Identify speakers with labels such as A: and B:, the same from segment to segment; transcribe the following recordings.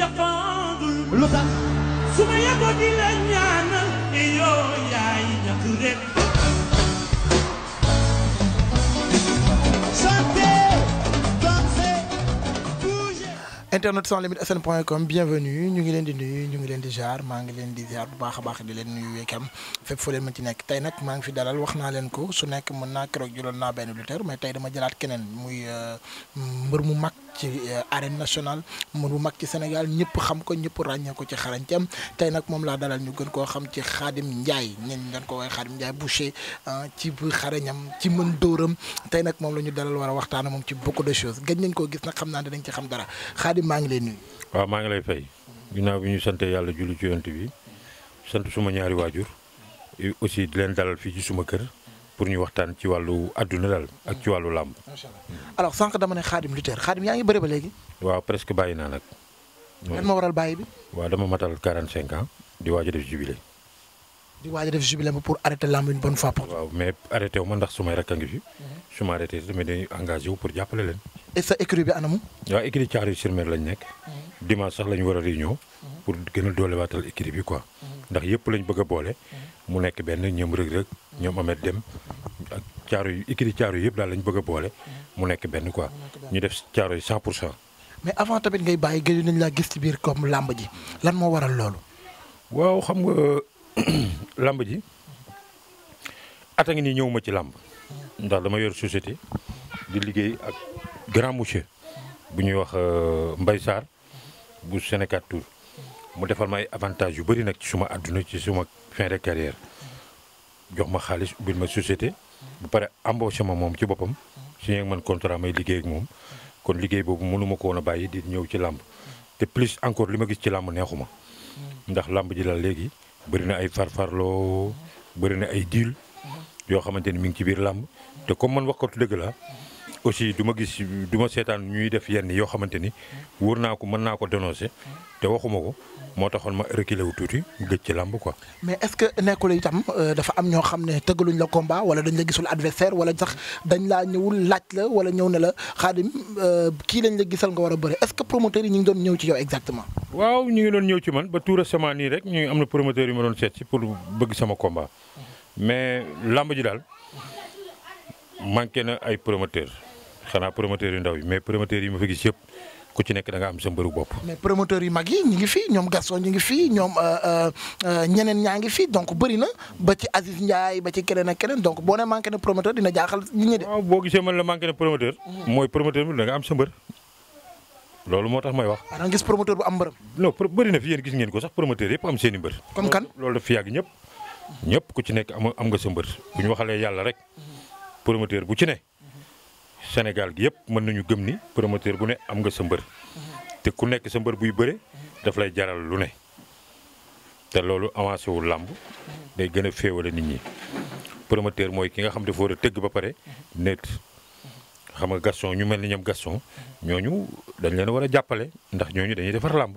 A: jafandul lu tax su ma yeboo di
B: e internet sans limite sn point com bienvenue ñu ngi leen di nuyu ñu ngi leen di jaar maa ngi leen di jaar bu baax a baax di leen nuyu weekam fépp foo leen mën ci nekk tey nag maa ngi fi dalal wax naa leen ko su nekk mën naa keroog jëloon naa benn lutteur mais tey dama jëlaat keneen muy euh, mbër mu mag ci euh, arène nationale mu bu mag ci Sénégal ñëpp xam ko ñëpp ràññee ko ci xarañteem tey nag moom laa dalal ñu gën koo xam ci Khadim Ndiaye ñen dañ ko waaye Khadim Ndiaye boucher euh, ci bu xarañam ci mën dóoram tey nag moom la ñu dalal war a moom ci bokk de choses gëj nañ koo gis nag xam naa ne dañ ci xam dara Khadim maa ngi lay nuyu.
C: waaw maa ngi lay fay. ginnaaw bi ñu sant yàlla julli ci yonent bi sant suma ñaari waajur aussi di leen dalal fii ci suma kër. pour ñu waxtaan ci wàllu àdduna daal ak ci wàllu làmb.
B: macha allah alors sànq dama ne xaadim lutteur xaadim yaa ngi bëri ba léegi.
C: waaw presque bàyyi naa nag.
B: lan ma waral bàyyi bi.
C: waaw dama matal 45 ans di waaj a def jubilé.
B: di waaj a def jubilé ba pour arrêter làmb une bonne fois pour.
C: waaw mais arrêté ma ndax su rakk a ngi fi. Mhm. su ma arrêté tamit day pour jàppale leen.
B: et sa écurie bi anamu.
C: waaw écurie Thiaroye sur Mer nekk. dimanche sax lañ war a réunion. pour gën a doolewaatal écurie bi quoi. ndax yëpp lañ bëgg boole. mu nekk benn ñoom Reug Reug ñoom Ameth Deme ak Thiaroye écurie Thiaroye yëpp daal lañ bëgg a boole. mu nekk benn quoi ñu def Thiaroye 100 pour cent.
B: mais avant tamit ngay bàyyi gëj nañ laa gis ci biir comme làmb ji lan moo waral loolu. waaw xam nga
C: làmb ji at a ngi nii ñëwuma ci làmb. ndax dama yor société di liggéey ak. grand monsieur bu ñuy wax euh, Mbaye Sarr bu senekat Tour mu defal ma ay avantages yu bëri nag ci suma àdduna ci suma fin de jox ma xaalis ubbil ma société bu pare embauché ma moom ci boppam signé ak man contrat may liggéey moom kon liggéey boobu mënuma ko woon a bàyyi di ñëw ci làmb te plus encore li ma gis ci làmb neexuma ndax làmb ji la léegi bëri na ay farfarloo bëri na ay diil yoo xamante ni mi ngi ci biir làmb te comme man wax ko dëgg la aussi du ma gis du ma seetaan ñuy def yenn yoo xamante ni wóor naa ko mën naa ko dénoncer te waxuma ko moo taxoon ma reculer wu tuuti gëj ci làmb quoi.
B: mais est-ce que nekkul itam euh, dafa am ñoo xam ne tëggaluñ la combat wala dañ la gisul adversaire wala sax dañ laa ñëwul laaj la wala ñëw ne la Khadim euh, kii lañ la gisal nga war a bëre est-ce que promoteurs yi ñu ngi doon ñëw ci yow exactement.
C: waaw ñu ngi doon ñëw ci man ba tout récemment nii rek ñu am na promoteurs na ay promoteurs. xanaa promoteur yu ndaw yi mais promoteur yi ma fa gis yëpp ku ci nekk da am sa mbëru bopp.
B: mais promoteur yu mag yi ñu ngi fi ñoom Gaston ñu ngi fi ñoom euh, euh, euh, ñeneen ñaa fi donc bëri na ba ci Aziz Ndiaye ba ci keneen ak keneen donc boo ne manqué ne promoteur dina jaaxal nit ñi de. waaw boo
C: gisee mhm. loolu moo tax may wax. Ah, da nga gis promoteur bu na fi gis ngeen ko sax promoteur yëpp am seen i mbër. comme kan loolu daf fi yàgg ñëpp. ñëpp ku ci nekk am am nga sa mbër bu ñu waxalee yàlla rek mhm. promoteur bu ci ne Sénégal gi yëpp mën nañu gëm ni promoteur bu ne am nga sa mbër mhm. te ku nekk sa mbër buy bëre mhm. daf lay jaral lu ne te loolu avancé wu làmb mhm. day gën a féewale nit ñi promoteur mooy ki nga xam dafa war a tëgg ba pare net xam nga Gaston ñu mel ni ñoom Gaston ñooñu dañ leen war a jàppale ndax ñooñu dañuy defar làmb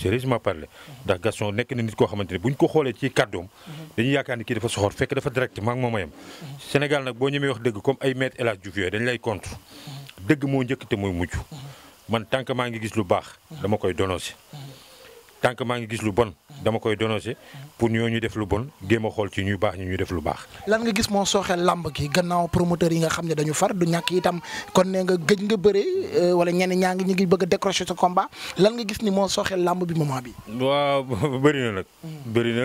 C: sérieusement parler ndax Gaston nekk na nit koo xamante ne buñ ko xoolee ci kàddoom dañuy yaakaar ni dafa soxor fekk dafa direct maa ngi moom a yem Sénégal nag boo ñemee wax dëgg comme ay maître El Hadj yooyu dañ lay contre dëgg moo njëkk te mooy mujj man tant maa ngi gis lu baax dama koy dénoncer tant que maa ngi gis lu bon dama koy dénoncer pour ñooñu def lu bon géem a xool ci ñuy baax ñu ñu def lu baax.
B: lan nga gis moo sooxeel làmb gi gannaaw promoteur yi nga xam ne dañu far du ñàkk itam kon ne nga gëj nga bëre euh, wala ñenn ñaa ngi ñu ngi bëgg a décrocher sa combat lan nga gis ni moo sooxeel làmb bi moment bi.
C: waaw bëri na nag. bëri na.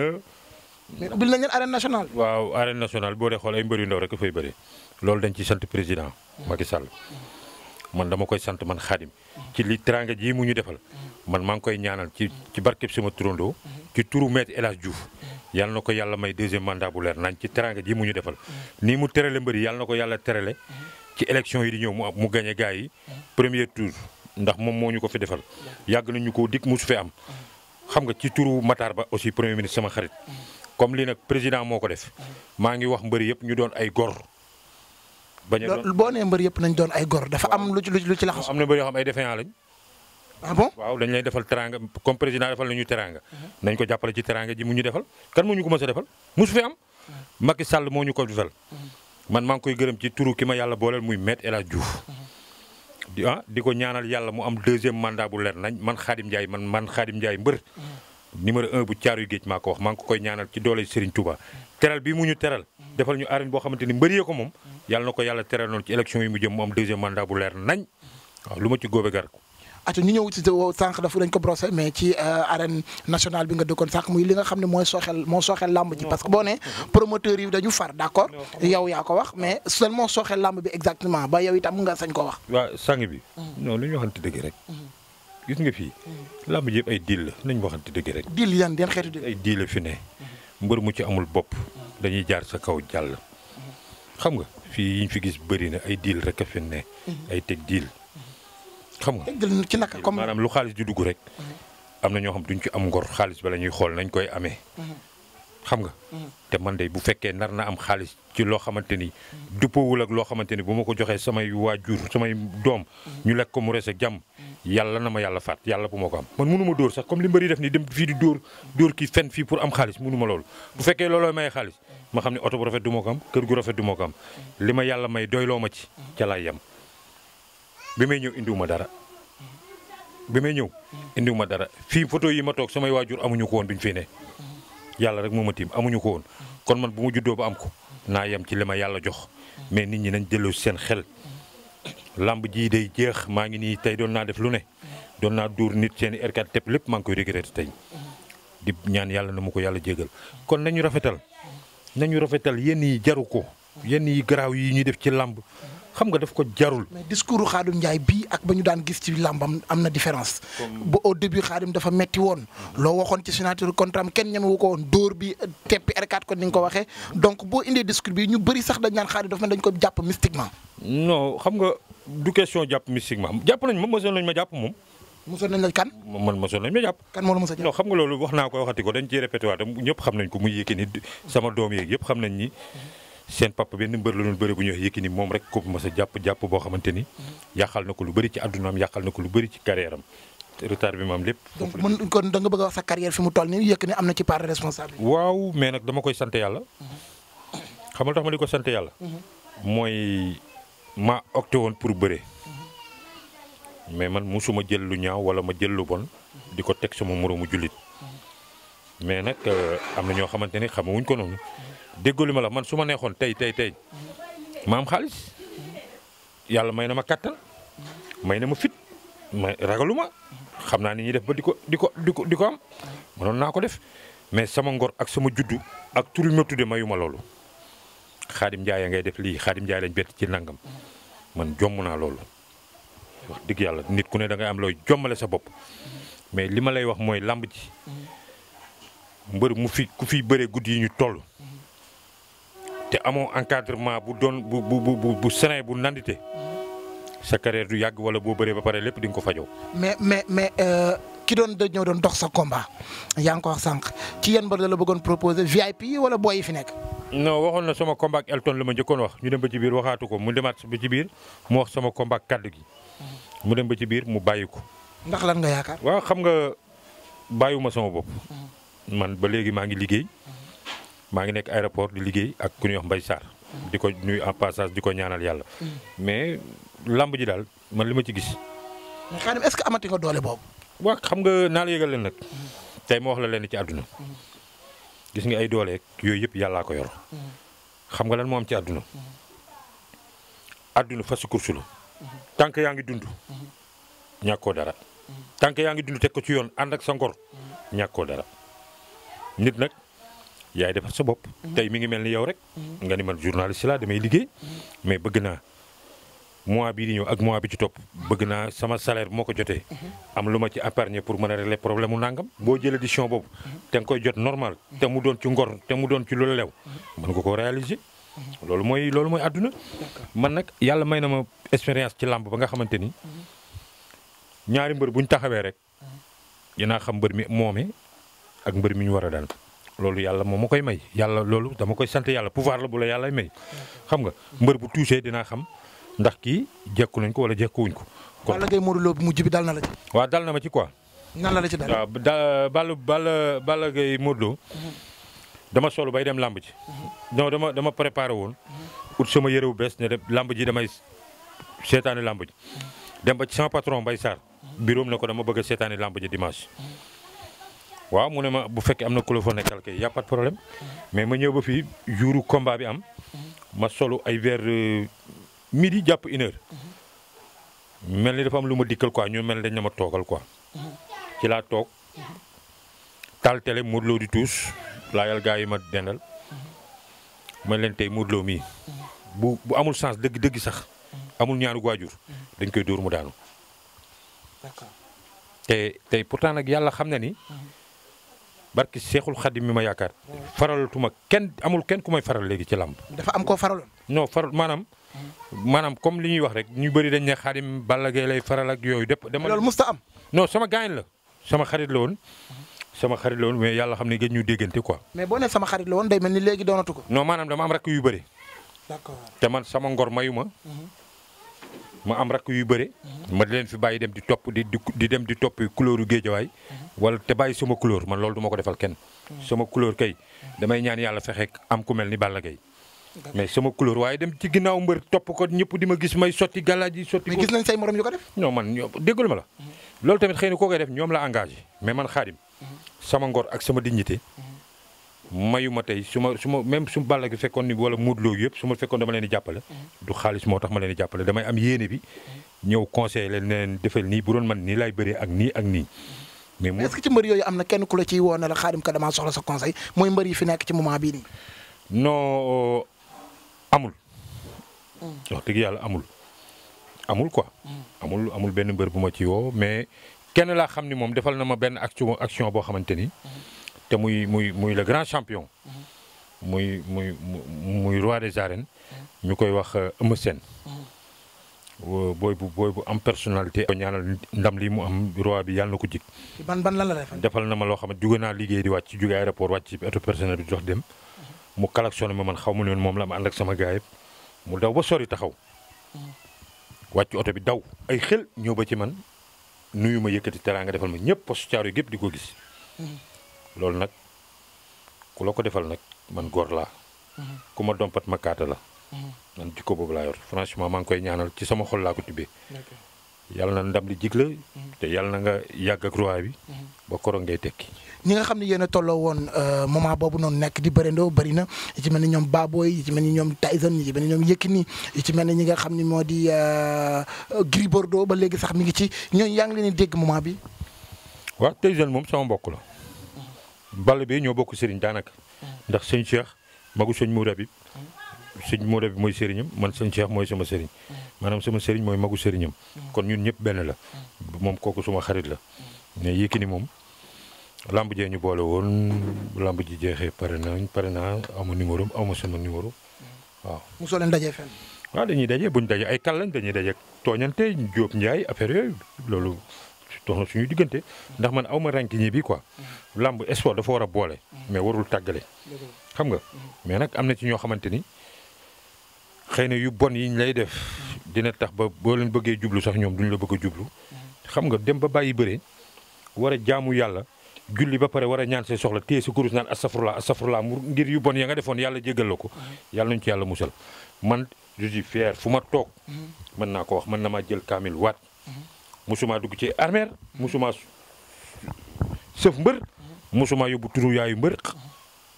B: mais ubbil nañ leen arène nationale.
C: waaw arène nationale boo dee xool ay mbëri ndaw rek fay bëri loolu dañ ci sant président Macky Sall man dama koy sant man Khadim ci li man maa ngi koy ñaanal ci ci barkeb sama turandoo ci turu maître El Hadj Diouf na ko yàlla may deuxième mandat bu leer nañ ci teranga ji mu ñu defal ni mu terale mbëri yàlla na ko yàlla terale ci élection yi di ñëw mu mu gagné gars yi premier tour ndax moom moo ñu ko fi defal yàgg nañu ko dikk musu fi am xam nga ci turu Matar Ba aussi premier ministre sama xarit comme lii nag président moo ko def maa ngi wax mbëri yëpp ñu doon ay gor a doon
B: boo nee mbër yëpp nañ doon ay gor dafa am lu ci lu ci laxas am na mbër yoo xam ay défaillant lañ ah
C: waaw dañ lay defal teranga comme président defal nañu teranga uh-huh. nañ ko jàppale ci teranga ji mu ñu defal kan moo ñu ko mës a defal mosu fi am uh-huh. Macky Sall moo ñu ko defal uh-huh. man maa ngi koy gërëm ci turu ki ma yàlla booleel muy Maître El Hadj ah, di ko ñaanal yàlla mu am deuxième mandat bu leer nañ man Khadim Ndiaye man man Khadim Ndiaye mbër numéro un bu caaru géej maa ko wax maa ngi ko koy ñaanal ci doole Serigne Touba teral bi mu ñu teral defal ñu arène boo xamante ni mbëri ko moom yàlla na ko yàlla teral noonu ci élection yi mu jëm mu am bu leer nañ waaw lu ma ci góobe ko
B: ata ñu ñëw ci sànq dafa dañ ko brosser mais ci euh, arène nationale bi nga dëkkoon sànq muy li nga xam ne mooy sooxeel moo sooxeel làmb ji parce que boo ne promoteurs yi dañu far d'accord yow yaa ko wax mais seulement sooxeel làmb bi exactement ba yow itam nga sañ ko wax
C: waaw sànq bi mm. non lu ñu waxante dëgg rek mm. gis nga fii mm. làmb ji yëpp ay diil la nañ waxante dëgg rek diil yan yan xeetu diil ay diil fi ne mbër mu ci amul bopp dañuy jaar sa kaw jàll xam nga fii yiñ fi gis bëri na ay diil rek a fi ay teg xam nga ci naka comme maanaam lu xaalis di dugg rek. Mhm. am na ñoo xam duñ ci am ngor xaalis ba la ñuy xool nañ koy amee. Mhm. xam nga. Mhm. te man de bu fekkee nar na am xaalis ci loo xamante ni. dëppoowul ak loo xamante ni bu ma ko joxee samay waajur samay doom. ñu lekk ko mu rees ak jàmm. yàlla na ma yàlla faat yàlla bu ma ko am man mënu ma dóor sax comme li mbëri def ni dem fii di dóor dóor kii fen fii pour am xaalis mënu ma loolu. bu fekkee looloo may xaalis ma xam ne oto bu rafet du ma ko am kër gu rafet du ma am li ma yàlla may doyloo ma ci ca laay yem. bi may ñëw indiwuma dara bi may ñëw indiwuma dara fii foto yi ma toog samay waajur amuñu ko woon bi ñu fii ne yàlla rek moom ma tiim amuñu ko woon kon man bu ma juddoo ba am ko naa yem ci li ma yàlla jox mais nit ñi nañ delloo seen xel làmb jii day jeex maa ngi nii tey doon naa def lu ne doon naa duur nit seen i r tepp lépp maa ngi koy regretté tey di ñaan yàlla na ma ko yàlla jégal kon nañu rafetal nañu rafetal yenn yi jaru ko yenn yi garaaw yi ñuy def ci làmb xam nga def ko jarul.
B: mais discours Khadim Ndiaye bii ak ba ñu daan gis ci làmbam am na différence. ba au début Khadim dafa metti woon. loo waxoon ci signature contrat am kenn ñemewu ko woon dóor bi teppi r ko ni ko waxee donc boo indee discours bi ñu bëri sax dañ naan Khadim dafa mel dañ ko jàpp mystiquement.
C: nga du question jàpp nañ
B: ma mosoon nañ ma jàpp moom. mosoon nañ la
C: ma jàpp. moo la mos a jàpp xam nga wax naa ko waxati ko dañ ciy ko muy yëkkini sama doom yeeg yëpp xam nañ ni seen papa benn mbër la doon bëre bu ñuy wax Yékini moom rek ko mos a jàpp jàpp boo xamante yàqal na ko lu bëri ci addunaam yàqal na ko lu bëri ci carrière am retard bi maam lépp.
B: donc mën kon da bëgg a wax sa carrière fi mu toll nii Yékini am na ci part de responsabilité.
C: waaw mais nag dama koy sante yàlla. xam nga tax ma di ko sante yàlla. mooy ma opté woon pour bëre. mais man musuma jël lu ñaaw wala ma jël lu bon. di ko teg sama moroomu jullit. mais nag euh, am na ñoo xamante ni xamawuñ ko noonu. li ma la man su ma neexoon tey tey tey ma am xaalis yàlla may na ma kattan may na ma fit may ragalu ma xam naa ni ñuy def ba di ko di ko di ko di ko am mënoon naa ko def mais sama ngor ak sama juddu ak tur yu ma tudde mayu ma loolu xaadim Ndiaye ngay def lii xaadim Ndiaye lañ bett ci nangam man jomm naa loolu wax dëgg yàlla nit ku ne da ngay am looy jommale sa bopp mais li ma lay wax mooy làmb ji mbër mu fi ku fi bare guddi yi ñu toll. te amoo encadrement bu doon bu bu bu bu serein bu nandite mhm. sa carrière du yàgg wala boo bëree ba pare lépp di ko fajoo.
B: mais mais mais euh, ki doon da ñëw doon dox sa combat yaa ngi ko sànq ci yan mbër la bëggoon proposer VIP yi wala boy yi fi nekk.
C: non waxoon na sama combat ak Elton la ma njëkkoon wax ñu dem ba ci biir waxaatu ko mu demaat ba ci biir mu wax sama combat ak gi. Mhm. mu dem ba ci biir mu bàyyi ko.
B: ndax lan nga yaakaar.
C: waaw xam nga bàyyiwuma sama bopp. Mhm. man ba léegi maa ngi liggéey. maa ngi nekk aéroport di liggéey ak ku ñuy wax Mbaye Sarr di ko nuyu en passage di ko ñaanal yàlla. Mm. mais lamb ji daal man li ma ci gis.
B: mais Khadim ce que amati doole boobu.
C: xam nga naa la leen nag. Mm. tey ma wax la leen ci àdduna. Mm. gis nga ay doole yooyu yëpp yàllaa ko yor. xam nga lan moo am ci àdduna. àdduna fas kursu la. tànk yaa ngi dund. ñàkkoo dara. tànk yaa ngi dund teg ko ci yoon ànd ak sa ngor. ñàkkoo dara nit nag. yaay defar sa bopp. Mhm. tey mi ngi mel ni yow rek. Mhm. nga ni man journaliste laa demee liggéey. Mhm. mais bëgg naa mois bii di ñëw ak mois bi ci topp bëgg naa sama salaire moo ko jotee. am lu ma ci épargner pour mën a régler problème mu nangam. boo jël édition boobu. te nga koy jot normal. te mu doon ci ngor te mu doon ci lu lew. mën nga koo réaliser. loolu mooy loolu mooy àdduna. man nag yàlla may na ma expérience ci làmb ba nga xamante ni ñaari mbër bu ñu taxawee rek. dinaa xam mbër mi moome ak mbër mi ñu war a daan. loolu yàlla moom ma koy may yàlla loolu dama koy sant yàlla pouvoir la bu la yàlla may xam nga mbër bu touché dinaa xam ndax kii jekku nañ ko wala jekkuwuñ ko. kon Balla
B: Gaye Modou bu mujj bi dal na la ci.
C: dal na ma ci quoi. nan la la ci dal waaw da Balla Balla Balla Gaye dama solu bay dem làmb ji. non dama dama préparé woon. ut sama yërewu bees ne de làmb ji damay seetaani làmb ji. dem ba ci sama patron Mbaye Sarr. bureau ne ko dama bëgg a seetaani làmb ji dimanche. waaw mu ne ma bu fekkee am na ku la fa nekkal kay y' problème mais ma ñëw ba fii jouru combat bi am ma solo ay vers euh, midi jàpp une heure mel ni dafa am lu ma dikkal quoi ñu mel ni dañ na ma toogal quoi laa toog taal télé di tuus laajal yi ma dendal ma leen tey Modou Lo bu amul chance dëgg dëgg sax amul waajur dañ koy dóor mu daanu. te tey pourtant nag yàlla xam na ni. barki seexul xadim mi ma yaakaar faralatuma kenn amul kenn ku may faral léegi ci làmb dafa am koo faraloon. non faral maanaam maanaam comme li ñuy wax rek ñu bëri dañ ne xadim Balla Gaye lay faral ak yooyu dépp dama loolu musta am non sama gaañ la sama xarit la woon sama xarit la woon mais yàlla xam ne gën ñu déggante quoi
B: mais boo ne sama xarit la woon day mel ni léegi doonatu ko
C: non maanaam dama am rakk yu bëri d'accord te man sama ngor mayuma mhm. ma am rakk yu bëre. ma di leen fi bàyyi dem di topp di di dem di topp couleur u géejawaay. wala te bàyyi sama couleur man loolu du ma ko defal kenn. sama couleur kay damay ñaan yàlla fexe am ku mel ni Balla Gaye mais sama couleur waaye dem ci ginnaaw mbër topp ko ñëpp di ma gis may sotti galaaj yi sotti. mais gis nañ say ko def. non man déggal ma la. Mhm. loolu tamit xëy na koo koy def ñoom la engagé mais man Xaadim mhm. sama ngor ak sama dignité mhm. mayuma tey su ma su ma même Balla gi fekkoon ni wala Modou Lo yëpp su ma fekkoon dama leen di jàppale. Mm-hmm. du xaalis moo tax ma leen di jàppale damay am yéene bi. Mm-hmm. ñëw conseil leen ne leen defal nii bu doon man nii laay bëree ak nii ak nii.
B: Mm-hmm. mais est-ce que ci mbër yooyu am na kenn ku la ciy woo ne la xaadim ka damaa soxla sa conseil nii. non euh, amul.
C: Mm. wax dëgg yàlla amul. amul quoi. Mm. amul amul benn mbër bu ma ci woo mais kenn laa xam ni moom defal na ma benn action action boo xamante ni. te muy muy muy le grand champion. muy muy muy roi des arènes. ñu koy wax euh, Eumeu Sène. booy bu booy bu am personnalité. ko ñaanal ndam lii mu am roi bi yàlla na ko jig. ban ban lan la defal na ma loo xam ne jóge naa liggéey di wàcc jóge aéroport wàcc ci auto personnel bi jox dem. mu collectionné ma man xaw ma ne moom la ma ànd ak sama gars mu daw ba sori taxaw. wàcc oto bi daw ay xel ñëw ba ci man nuyu ma yëkkati nga defal ma ñëpp postu caaro yi gépp di ko gis. loolu nag ku la ko defal nag man góor laa. ku ma dompat ma kaata la. man jikko boobu laa yor franchement maa ngi koy ñaanal ci sama xol laa ko tibbee. yàlla na ndam li jig la mhm. te yàlla na nga yàgg ak roi bi. Mhm. ba koro ngay tekki.
B: ñi nga xam ne yéen a tolloo woon euh, moment boobu noonu nekk di bërindoo bëri na yi ci mel ni ñoom Baboy yi ci mel ni ñoom Tyson yi ci mel ni ñoom nii yi ci mel ni ñi nga xam ne moo di euh, Gris Bordeaux ba léegi sax mi ngi ci ñooñu yaa ngi leen di bi.
C: waaw Tyson moom sama mbokk la. ball bi ñoo bokk sëriñ daanaka. Mm. ndax sëñ Cheikh magu sëñ Moura bi mm. sëñ Moura bi mooy sëriñam man sëñ Cheikh mooy sama sëriñ mm. maanaam sama sëriñ mooy magu sëriñam kon ñun ñëpp benn la moom kooku suma xarit la mais Yékini moom lamb jee ñu boole woon lamb ji jeexee pare nañ pare naa amu numéro amu sama numéro waaw. mosoo leen dajee fenn. waaw ah, dañuy daje buñ daje ay kàllañ dañuy daje tooñante Diop Ndiaye affaire yooyu loolu. dox na suñuy diggante ndax man awma rànkiñe bi quoi làmb sport dafa war a boole mais warul tàggale xam nga mais nag am na ci ñoo xamante ni xëy na yu bon yiñ lay def dina tax ba boo leen bëggee jublu sax ñoom duñ la bëgg a jublu xam nga dem ba bàyyi bëre war a jaamu yàlla julli ba pare war a ñaan say soxla téye sa kurus naan astafurla astafurla mu ngir yu bon ya nga defoon yàlla jéggal la ko yàlla nañu ci yàlla musal man je suis fier fu ma toog mën naa ko wax mën na maa jël kaamil waat musuma dugg ci armeer musuma sëf mbër musuma yóbbu turu yaayu mbër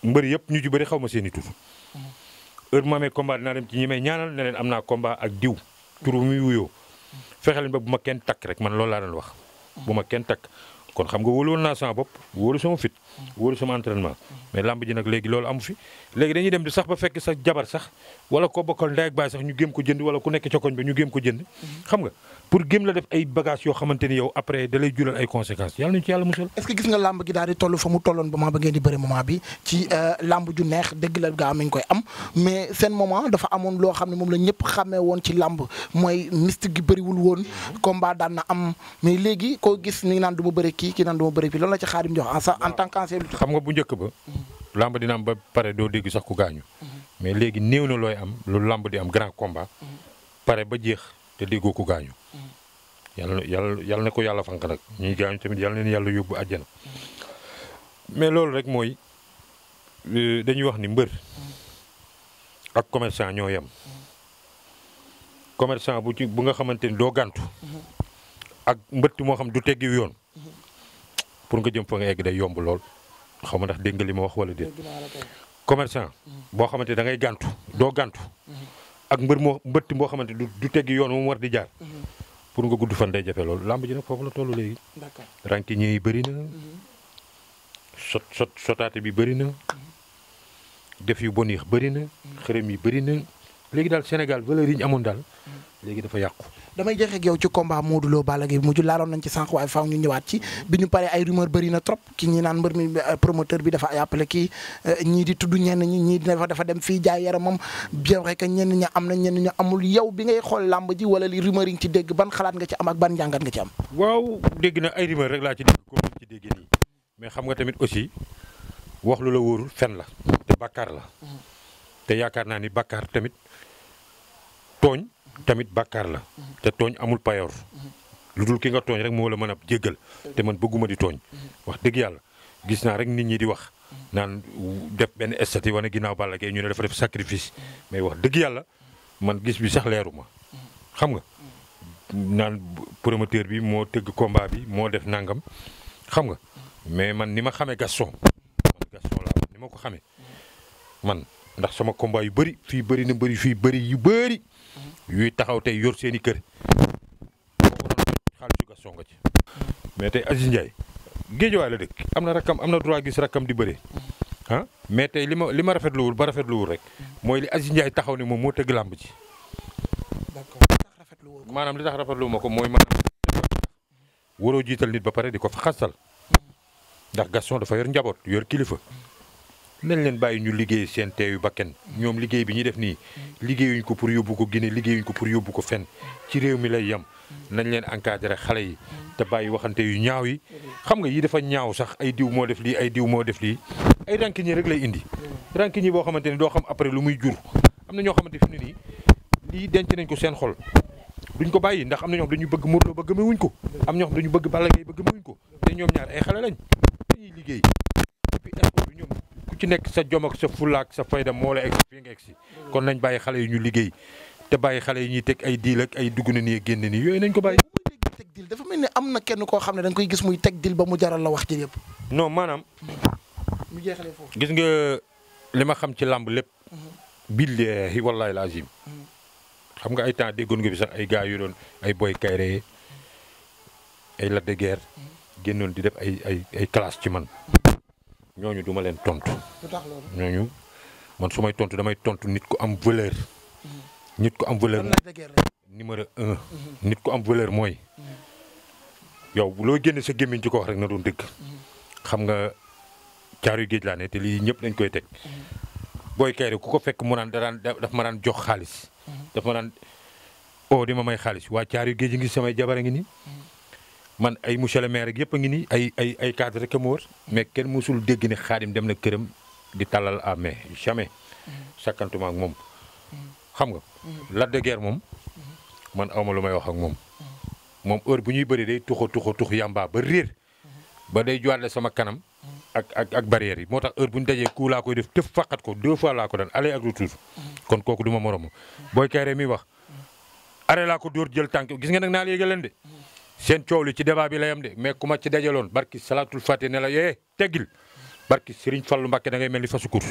C: mbër yëpp ñu ci bëri xaw ma seen i tur ma amee combat dinaa dem ci ñi may ñaanal ne am naa combat ak diw turu muy wuyoo fexe ba bu ma kenn takk rek man loolu laa doon wax bu ma kenn takk kon xam nga wóolu woon naa sama bopp wóolu sama fit wóoru sama entraînement mais lamb ji nag léegi loolu amu fi léegi dañuy dem di sax ba fekk sa jabar sax wala ko bokkal ndey baay sax ñu géem ko jënd wala ku nekk ca koñ ba ñu géem ko jënd xam nga pour géem da lay jural ay conséquences
B: yàlla nañu ci euh, la gaa mi ngi koy am mais seen daan na am mais léegi koo gis ni naan du ma bëri kii naan du ma bëri loolu la ci xaadim jox ah, en tant que sensibilité. xam nga bu njëkk ba.
C: lamb dina am ba pare doo dégg sax ko gaañu. mais léegi néew na looy am lu lamb di am grand combat. pare ba jeex te déggoo ko gaañu. yàlla yàlla yàlla na ko yàlla fanq nag ñuy gaañu tamit yàlla na leen yàlla yóbbu àjjana. mais loolu rek mooy euh, dañuy wax ni mbër. ak commerçant ñoo yem. commerçant bu bu nga xamante ni doo gàntu. ak mbëtt moo xam du teggiw yoon. pour nga jëm fa nga egg day yomb lool xaw ma ndax dégg nga li ma wax wala déet. commerçant boo xamante da ngay gàntu doo gàntu. ak mbër moo mbëtt boo xamante du tegg yoon mu war di jaar. pour nga gudd fan day jafe loolu làmb ji nag foofu la tollu léegi. d'accord rànkiñe yi bëri na. sot sot sotaate bi bëri na. def yu bon yi na. Mm. xërëm yi bëri na. léegi daal Sénégal valeur yi amoon daal mm. léegi dafa yàqu.
B: damay jeex ak ci combat Modou Lo Balla Gaye bi laaloon nañ ci sànq waaye faaw ñu ñëwaat ci bi ñu paree ay rumeur bëri na trop ki ñi naan mbër mi euh, promoteur bi dafa ay appelé kii euh, ñii di tudd ñenn ñi ñii dafa dem fii jaay yaramam bien vrai que ñenn ña am na ñenn ña amul yow bi ngay xool làmb ji wala li rumeur yi nga ci dégg ban xalaat nga ci am ak ban njàngat nga ci am.
C: waaw dégg na ay rumeur rek laa ci dégg comme ci dégg nii mais xam nga tamit aussi wax lu la wóorul fen la te bàkkaar mm-hmm. naa ni bàkkaar tamit tamit bàkkaar la te tooñ amul payoor lu dul ki nga tooñ rek moo la mën a jéggal te man bëgguma di tooñ wax dëgg yàlla gis naa rek nit ñi di wax naan def benn statut yi wane ginnaaw bala Gaye ñu ne dafa def sacrifice mais wax dëgg yàlla man gis bi sax leeru ma xam nga naan promoteur bi moo tëgg combat bi moo def nangam xam nga mais man ni ma xamee Gaston laa ni ma ko xamee man ndax sama combat yu bëri fii bëri na bëri fii bëri yu bëri yuy taxaw tey yor seen i kër xaalis yu nga ci mais tey Aziz Ndiaye géejawaay la dëkk am na rakkam am na droit gis rakkam di bëri ah mais tey li ma li ma wul ba wul rek mooy li Aziz taxaw ne moom moo tëgg làmb ji maanaam li tax rafetlu ma ko mooy maanaam waroo jiital nit ba pare di ko fa xasal mm-hmm. ndax Gaston dafa yor njaboot yor kilifa nañ leen bàyyi ñu liggéey seen teeyu bakken ñoom liggéey bi ñuy def nii liggéeyuñ ko pour yóbbu ko Guinée liggéeyuñ ko pour yóbbu ko fenn ci réew mi lay yem nañ leen encadré xale yi te bàyyi waxante yu ñaaw yi xam nga yi dafa ñaaw sax ay diw moo def lii ay diw moo def lii ay ranki ñi rek lay indi ranki ñi boo xamante ni doo xam après lu muy jur am na ñoo xamante fi mu ne nii lii denc nañ ko seen xol duñ ko bàyyi ndax am na ñoo xam dañu bëgg Modou ba gëmewuñ ko am ñoo xam dañu bëgg Balla Gaye ba gëmewuñ ko te ñaar ay xale lañ liggéey ci nekk sa jom ak sa fulaak sa fayda moo la egg fi nga egg si kon nañ bàyyi xale yi ñu liggéey te bàyyi xale yi ñuy teg ay diil ay dugg na nii génn nii yooyu nañ ko bàyyi.
B: teg dil dafa mel ni am na kenn koo xam ne da koy gis muy teg dil ba mu jaral la wax ji yëpp. non maanaam. foofu
C: gis nga li ma xam ci làmb lépp. Mhm. billahi laa lazim mhm. xam nga ay temps déggoon nga bi sax ay gars yu doon ay boy kayre ay ladde guerre mhm. génnoon di def ay ay ay classe ci man. ñooñu duma leen tontu. ñooñu man su tontu damay tontu nit ko am valeur. Mm-hmm. nit ko am valeur numéro mm-hmm. nit ku am valeur mooy.
A: Mm-hmm.
C: yow loo génne sa gémmiñ ci rek na doon dëgg. xam nga caaru géej laa ne te lii ñëpp dañ koy teg. booy kay rek ku ko fekk mu naan daan daf ma daan jox xaalis. daf ma daan oo oh, di ma may xaalis waa caaru géej ngi samay jabar a ngi nii. man ay monsieur le rek yëpp ngi nii ay ay rek a ma wër mais kenn musul dégg ne Khadim dem na këram di tallal à main jamais. moom. xam nga. Lac de moom. man awma lu may wax ak moom. moom heure bu ñuy bëri day tuxa tuxa tux yamba ba réer. ba day joxaat sama kanam. ak ak ak barrière yi moo tax heure bu ñu dajee ku laa koy def tëf faqat ko deux fois laa ko daan aller ak retour. kon kooku du ma moromu. booy kayre mi wax. arrêté laa ko dóor jël tànk gis nga nag naa la seen coow li ci débat bi la yam de mais ku ma ci dajaloon barki salaatul fati ne la yee eh, teggil barki Serigne Fallou Mbacké da ngay ni fasu kur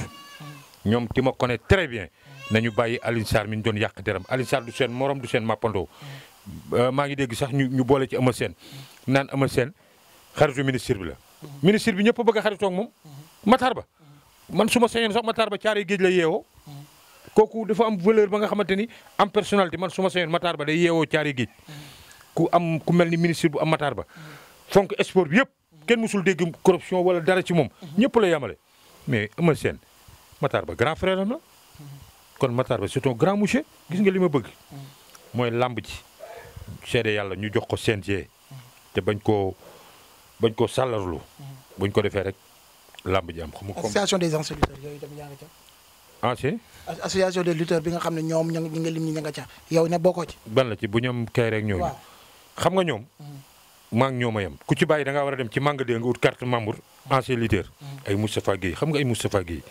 C: ñoom ti ma connais très bien nañu bàyyi Alioune Sarr mi doon yàq deram Alioune du seen morom du seen màppandoo euh, maa ngi dégg sax ñu boole ci Eumeu Sène naan Eumeu Sène xaritu ministre bi la ministre bi ñëpp bëgg a xaritoog moom Matar Ba man su ma sañoon sax Matar Ba caare géej la yeewoo kooku dafa am valeur ba nga xamante ni am personnalité man su ma sañoon Matar Ba ku am ku mel ni ministre bu am Matar Ba fonk sport bi yëpp kenn musul dégg corruption wala dara ci moom ñëpp la yamale mais Eumeu Sène Matar Ba grand frère am la kon Matar Ba c'est un grand monsieur gis nga li ma bëgg mooy làmb ji seede yàlla ñu jox ko CNG te bañ koo bañ koo sàllarlu buñ ko defee rek làmb ji am xam nga association des anciens ah,
B: bi nga xam ne ñoom ña nga lim ñi ña nga ca yow ne
C: ñoom xam nga ñoom. maa ngi a yem ku ci bàyyi da war a dem ci màng de nga wut carte membre ancien leader. ay Moustapha Guèye xam nga ay Moustapha Guèye.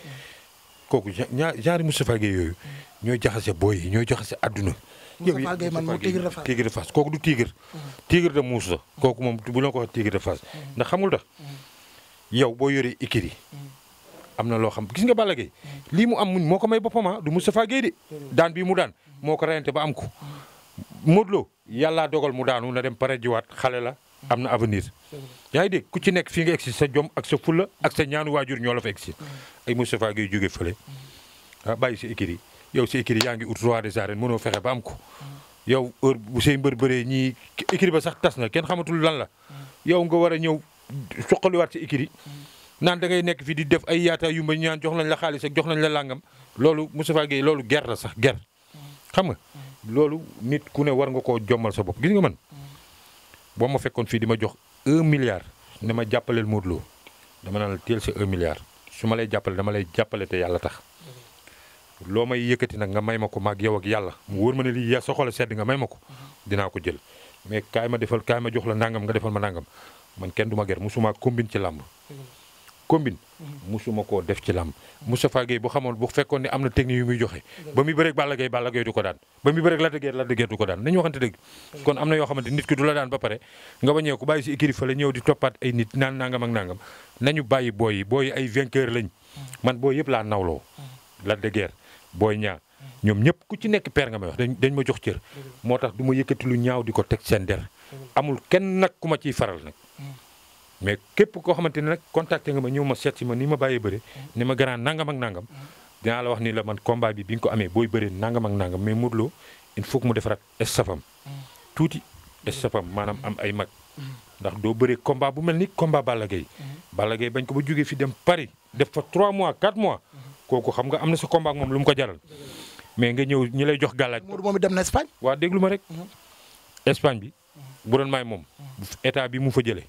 C: kooku ñaar ñaari Moustapha Guèye yooyu. ñooy jaxase booy yi ñooy jaxase àdduna. Moustapha Guèye man du Tigre. Tigre ko waxee Tigre de Fass ndax xamul tax yow boo yoree ikiri am na loo xam gis nga Balla Gaye lii mu am moo ko may boppam ah, du Moustapha Guèye de daan bii mu daan moo ko reyante ba am ko Modou Lo yàllaa dogal mu daanu na dem pare jiwaat xale la am na avenir yaa ngi dégg ku ci nekk fii nga egsi sa jom ak sa fulla ak sa ñaanu waajur ñoo la fa si ay Moustapha Gueye jóge fële ah bàyyi si écurie yow si écurie yaa ngi ut roi de arènes mënoo fexe am ko yow heure bu say mbër bëree ba sax tas na kenn xamatul lan la yow nga war a ñëw soqaliwaat si écurie naan da ngay nekk fii di def ay yaataa yu ma ñaan jox nañ la xaalis ak jox nañ la langam loolu Moustapha Gueye loolu ger la sax ger xam nga loolu nit ku ne war nga koo jommal sa bopp gis nga man boo ma fekkoon fii di ma jox un milliard ne ma jàppaleel Modou dama naan la teel sa un milliard su ma lay jàppale dama lay jàppale te yàlla tax loo may yëkkati nag nga may ma ko maag yow ak yàlla mu wóor ma ne lii sa xol sedd nga may ma ko dinaa ko jël mais kaay ma defal kaay ma jox la nangam nga defal ma nangam man kenn du ma ger musuma combine ci làmb combine musuma koo def ci làmb Moustapha Gueye bu xamoon bu fekkoon ne am na technique yu muy joxe ba muy bëreeg Balla Gaye Balla Gaye du ko daan ba muy bëreeg Lac de Guiers Lac de Guiers du ko daan nañu waxante dëgg kon am na yoo xamante nit ki du la daan ba pare nga bañee ku bàyyi si écurie lañ mm. man booy yëpp laa nawloo mm. Lac de booy ñaa mm. ñoom ñëpp ku ci nekk père nga may wax dañ ma jox cër moo tax du ma ñaaw di ko teg seen der amul kenn nag ciy faral nag mais képp koo xamante ne nag contacté nga ma ñëw ma seet si ma ni ma bàyyee bëre ni ma grand nangam ak nangam dinaa la wax ni la man combat bi bi nga ko amee booy bëre nangam ak nangam mais Modou Lo il faut que mu defaraat estafam doo bëree combat bu mel ni combat Balla Gaye Balla Gaye bañ ko fi dem Paris def fa 3 mois 4 mois kooku xam nga am na sa combat ak moom lu mu ko jaral mais nga ñëw ñi lay jox gàllaaj Modou moom dem na Espagne. waa déglu ma rek mhm. Espagne bi bu doon maay moom état bi mu fa jëlee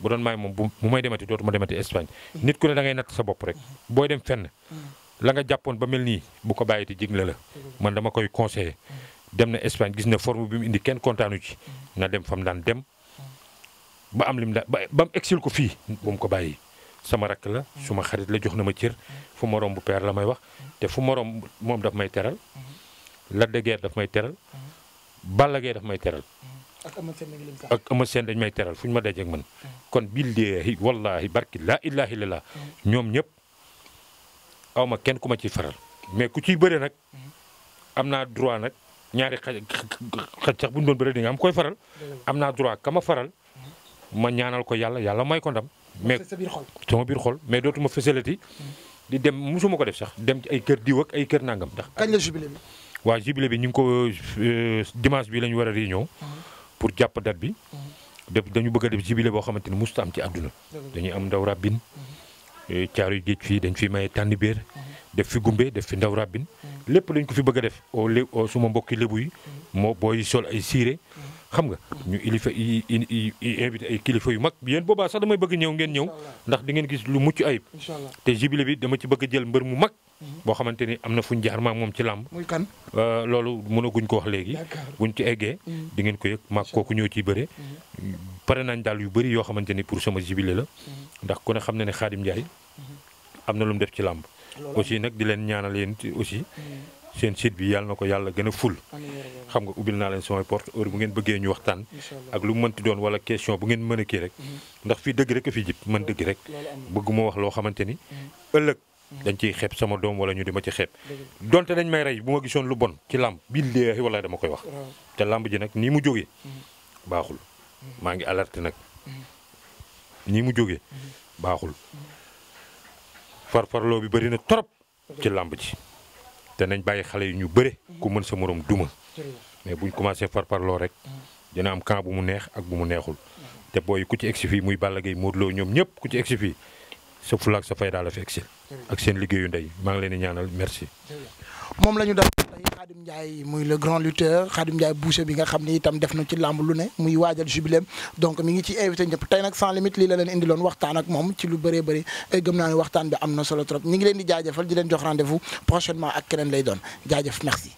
C: bu doon maay moom bu may demati dootuma demati Espagne nit ku ne da ngay natt sa bopp rek booy dem fenn la nga jàppoon ba mel nii bu ko bàyyi te jigle la man dama koy conseiller dem na Espagne gis na forme bi mu indi kenn kontaanu ci na dem fam daan dem ba am lim daan ba ba mu exil ko fii bu mu ko bàyyi sama rakk la suma xarit la jox na ma cër fu ma bu père la may wax te fu ma moom daf may teral Lac de Guiers daf may teral Balla Gaye daf ak Eumeu Sène dañ may teral fu ñu ma dajeeg man mm. kon billahi wallahi barki laa ilaaha illallaah mm. ñoom ñëpp aw ma kenn ku ma ciy faral mais ku ciy bëre nag mm. am naa droit nag ñaari xaj sax bu ñu doon bëre di nga am koy faral am naa droit kama faral ma ñaanal ko yàlla yàlla may ko ndam mais
B: sama
C: biir xol mais dootuma fësalati di dem musuma ko def sax dem ci ay kër diw ay kër nangam ndax kañ la jubilé bi waaw bi ñu ngi ko euh, dimanche bi lañu ñu war a réunion pour jàpp date bi. Mm-hmm. def dañu bëgg a def jibile boo xamante ni musta am ci àdduna. Mm-hmm. dañuy am ndaw rabbin. Mm-hmm. Eh, caaru géej fii dañ fi maye tànn biir. def fi gumbe def fi ndaw rabbin. lépp lañ ko fi bëgg a def au suma mbokki lébu yi. moo booy sol ay siire. xam nga ñu ilifa invité ay kilifa yu mag yéen boobaa sax damay bëgg ñëw ngeen ñëw ndax di ngeen gis lu mucc ayib te jibile bi dama ci bëgg jël mbër mu mag mhm. boo xamante ni am na fuñ jaar maak moom ci làmb muy kan euh, loolu mënaguñ ko wax léegi buñ ci eggee mhm. di ngeen ko yëg maak kooku ñëw ciy bëre mhm. pare nañ daal yu bëri yoo xamante ni pour sama jibile la ndax ku ne xam na ne Xaadim Njaay am na lu mu def ci làmb aussi nag di leen ñaanal yéen aussi seen site bi yàlla na ko yàlla gën a ful xam nga ubbil naa leen samay porte heure bu ngeen bëggee ñu waxtaan ak lu mënti doon wala question bu ngeen mën a kii rek mhm. ndax fii dëgg rek a fi jib man dëgg rek bëgguma wax loo xamante ni mhm. ëllëg mhm. dañ ciy xeeb sama doom wala ñu di ma ci xeeb donte dañ may rey bu ma gisoon lu bon ci làmb billaahi wala dama koy wax te làmb ji nag nii mu jógee baaxul maa ngi alerte nag nii mu jógee baaxul farfarloo bi bëri na trop ci làmb ji danañ bàyyi xale yi ñu bëre ku mën sa morom duma mais ñu commencé par parloo rek dina am camp bu mu neex ak bu mu neexul te booy ku ci egsi fii muy Balla Gaye Modou Lo ñoom ñëpp ku ci egsi fii sa fulaak sa fay daal la fi si ak seen liggéeyu ndey maa ngi leen di ñaanal merci
B: moom la ñu def tey Khadim Ndiaye muy le grand lutteur Khadim Ndiaye boucher bi nga xam ni itam def na ci làmb lu ne muy waajal jubileem donc mu ngi ci invité ñëpp tey nag sans limite lii la leen indiloon waxtaan ak moom ci lu bëree bëri gëm naa ne waxtaan bi am na solo trop ñi ngi leen di jaajëfal di leen jox rendez-vous prochainement ak keneen lay doon jaajëf merci